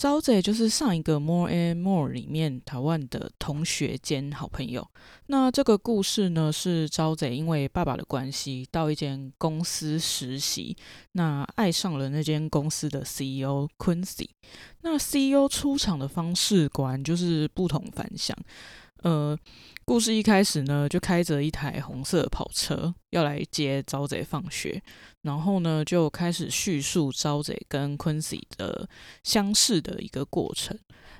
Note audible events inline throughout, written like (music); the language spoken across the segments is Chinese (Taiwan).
招賊就是上一個 More and More 裡面台灣的同學兼好朋友。那這個故事呢，是招賊因為爸爸的關係到一間公司實習，那愛上了那間公司的 CEO Quincy。那 CEO 出場的方式果然就是不同凡響。呃，故事一開始呢，就開着一台紅色跑車要來接 Jaojay 放學，然後呢，就開始敘述 Jaojay 跟 Quincy 的相識的一個過程。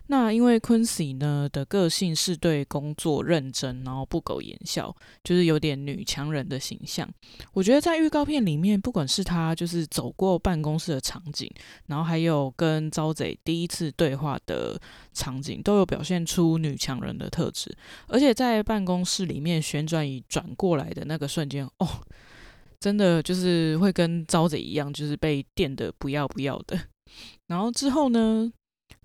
那因為昆西呢的個性是對工作認真，然後不苟言笑，就是有點女強人的形象。我覺得在預告片裡面，不管是她就是走過辦公室的場景，然後還有跟招賊第一次對話的場景，都有表現出女強人的特質。而且在辦公室裡面旋轉椅轉，轉過來的那個瞬間，哦，真的就是會跟招賊一樣，就是被電得不要不要的。然後之後呢？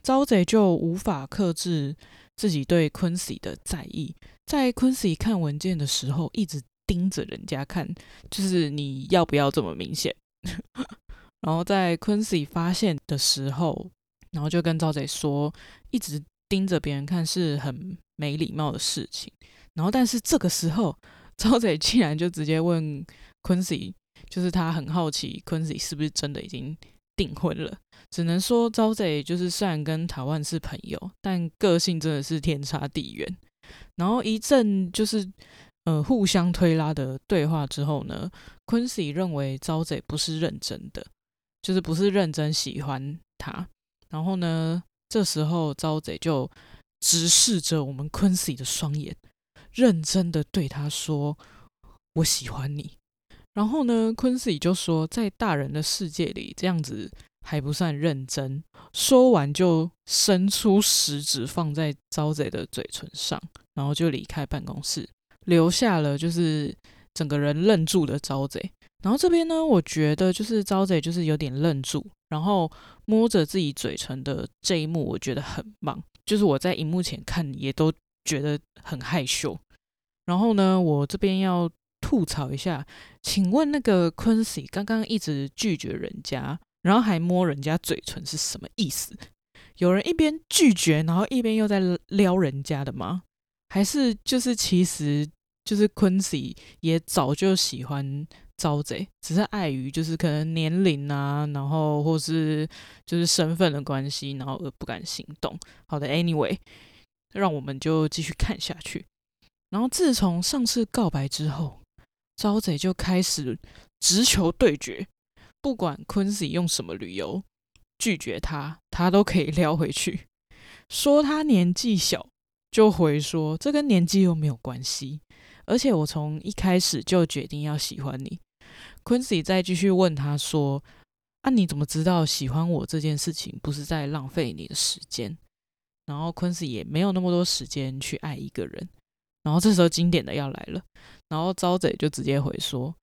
招賊就無法克制自己對 Quincy 的在意，在 Quincy 看文件的時候，一直盯着人家看，就是你要不要這麼明顯？ (laughs) 然後在 Quincy 發現的時候，然後就跟招賊說，一直盯着別人看是很沒禮貌的事情。然後但是這個時候，招賊竟然就直接問 Quincy，就是他很好奇 Quincy 是不是真的已經。訂婚了，只能說招賊就是雖然跟台灣是朋友，但個性真的是天差地遠。然後一陣就是呃互相推拉的對話之後呢，昆西認為招賊不是認真的，就是不是認真喜歡他。然後呢，這時候招賊就直視着我們昆西的雙眼，認真的對他說：“我喜歡你。”然後呢，昆西就說：“在大人的世界裡，這樣子還不算認真。”說完，就伸出食指放在招賊的嘴唇上，然後就離開辦公室，留下了就是整個人愣住的招賊。然後這邊呢，我覺得就是招賊就是有點愣住，然後摸着自己嘴唇的這一幕，我覺得很棒。就是我在熒幕前看，也都覺得很害羞。然後呢，我這邊要。吐槽一下，請問那個 Quincy 剛剛一直拒絕人家，然後還摸人家嘴唇是什麼意思？有人一邊拒絕，然後一邊又在撩人家的嗎？還是就是其實就是 Quincy 也早就喜歡招賊，只是礙於就是可能年齡啊，然後或是就是身份的關係，然後而不敢行動。好的，Anyway，讓我們就繼續看下去。然後自從上次告白之後。Jaojay 就開始直球對決，不管 Quincy 用什麼理由拒絕他，他都可以撩回去，說他年紀小，就回說，這跟年紀又沒有關係。而且我從一開始就決定要喜歡你。Quincy 再繼續問他說：“啊，你怎麼知道喜歡我這件事情不是在浪費你的時間？”然後 Quincy 也沒有那麼多時間去愛一個人。然後這時候經典的要來了，然後招賊就直接回說：“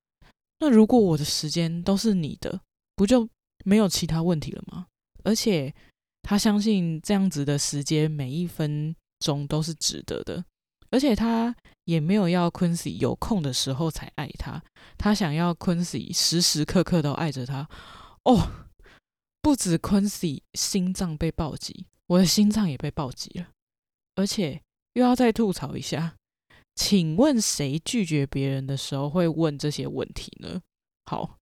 那如果我的時間都是你的，不就沒有其他問題了嗎？”而且他相信這樣子的時間每一分鐘都是值得的，而且他也沒有要昆 y 有空的時候才愛他，他想要昆 y 時時刻刻都愛着他。哦，不止昆 y 心臟被暴擊，我的心臟也被暴擊了，而且又要再吐槽一下。請問誰拒絕別人的時候會問這些問題呢？好，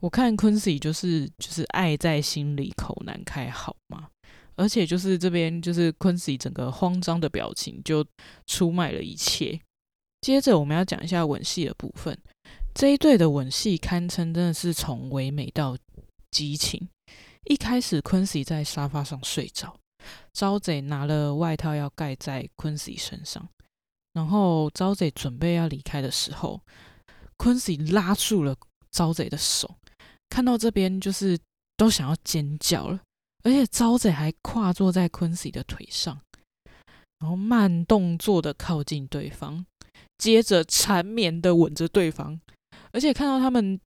我看 Quincy 就是就是愛在心裡口難開，好嗎？而且就是這邊就是 Quincy 整個慌張的表情就出賣了一切。接着我們要講一下吻戲的部分，這一對的吻戲堪稱真的是從唯美到激情。一開始 Quincy 在沙發上睡着，招賊拿了外套要蓋在 Quincy 身上。然後招賊準備要離開的時候，Quincy 拉住了招賊的手，看到這邊就是都想要尖叫了，而且招賊還跨坐在 Quincy 的腿上，然後慢動作的靠近對方，接着纏綿的吻着對方，而且看到他們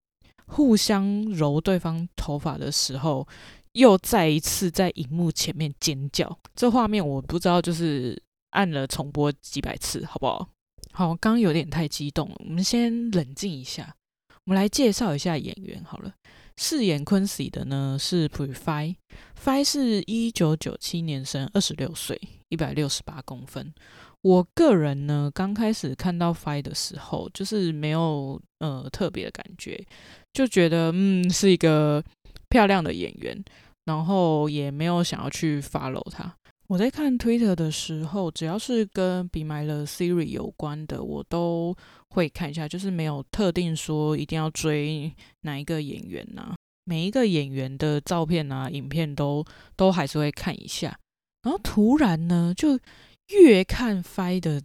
互相揉對方頭髮的時候，又再一次在螢幕前面尖叫，這畫面我不知道就是。按了重播幾百次，好不好？好，剛有點太激動了，我們先冷靜一下。我們來介紹一下演員好了。飾演昆喜的呢，是 Puyfai，Fai 是一九九七年生，二十六歲，一百六十八公分。我個人呢，剛開始看到 Fai 的時候，就是沒有呃特別的感覺，就覺得嗯是一個漂亮的演員，然後也沒有想要去 follow 他。我在看 Twitter 的時候，只要是跟《Be Mine The Series》有關的，我都會看一下。就是沒有特定說一定要追哪一個演員吶，啊，每一個演員的照片啊、影片都都還是會看一下。然後突然呢，就越看 Fai 發的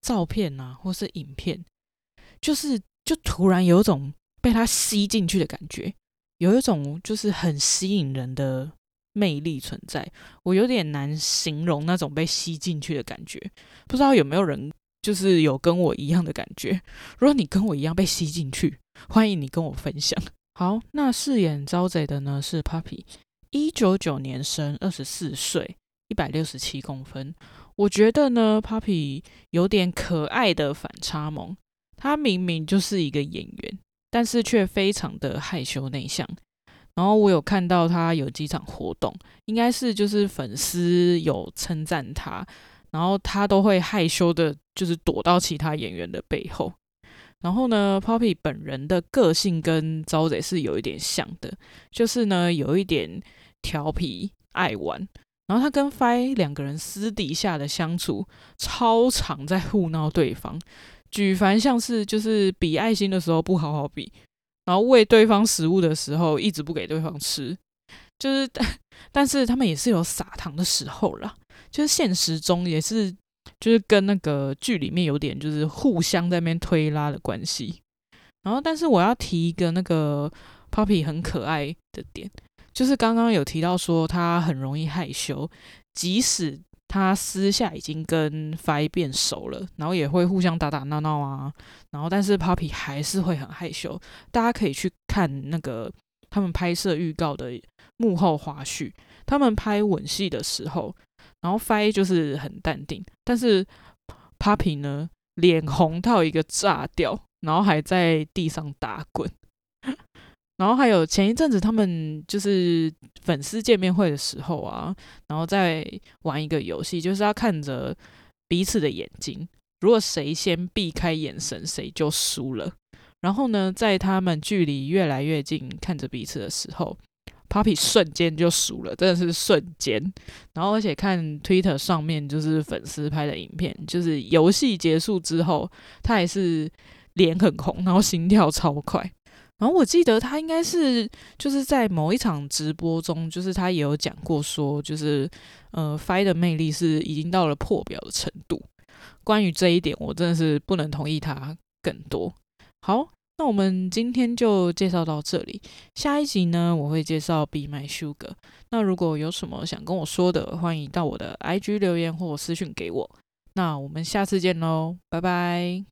照片啊，或是影片，就是就突然有一種被它吸進去的感覺，有一種就是很吸引人的。魅力存在，我有點難形容那種被吸進去的感覺，不知道有沒有人就是有跟我一樣的感覺？如果你跟我一樣被吸進去，歡迎你跟我分享。好，那飾演 Jaojay 的呢是 Poppy，一九九九年生，二十四歲，一百六十七公分。我覺得呢，Poppy 有點可愛的反差萌，他明明就是一個演員，但是卻非常的害羞內向。然後我有看到他有幾場活動，應該是就是粉絲有稱讚他，然後他都會害羞的，就是躲到其他演員的背後。然後呢，Poppy 本人的個性跟 Jaojay 是有一點像的，就是呢有一點調皮愛玩。然後他跟 Fai 兩個人私底下的相處，超常在互鬧對方，舉凡像是就是比愛心的時候不好好比。然後餵對方食物的時候，一直不給對方吃，就是，但是他們也是有撒糖的時候啦。就是現實中也是，就是跟那個劇裡面有點就是互相在那邊推拉的關係。然後，但是我要提一個那個 Poppy 很可愛的點，就是剛剛有提到說他很容易害羞，即使。他私下已經跟 Faye 變熟了，然後也會互相打打鬧鬧啊，然後但是 Poppy 還是會很害羞。大家可以去看那個他們拍攝預告的幕後花絮，他們拍吻戲的時候，然後 Faye 就是很淡定，但是 Poppy 呢，臉紅到一個炸掉，然後還在地上打滾。然後還有前一陣子他們就是粉絲見面會的時候啊，然後在玩一個遊戲，就是要看着彼此的眼睛，如果誰先避開眼神，誰就輸了。然後呢，在他們距離越來越近看着彼此的時候，Poppy 瞬間就輸了，真的是瞬間。然後而且看 Twitter 上面就是粉絲拍的影片，就是遊戲結束之後，他也是臉很紅，然後心跳超快。然後、啊、我記得他應該是就是在某一場直播中，就是他也有講過說，就是呃，Fai 的魅力是已經到了破表的程度。關於這一點，我真的是不能同意他更多。好，那我們今天就介紹到這裡。下一集呢，我會介紹《Be My Sugar》。那如果有什麼想跟我說的，歡迎到我的 IG 留言或私訊給我。那我們下次見嘍，拜拜。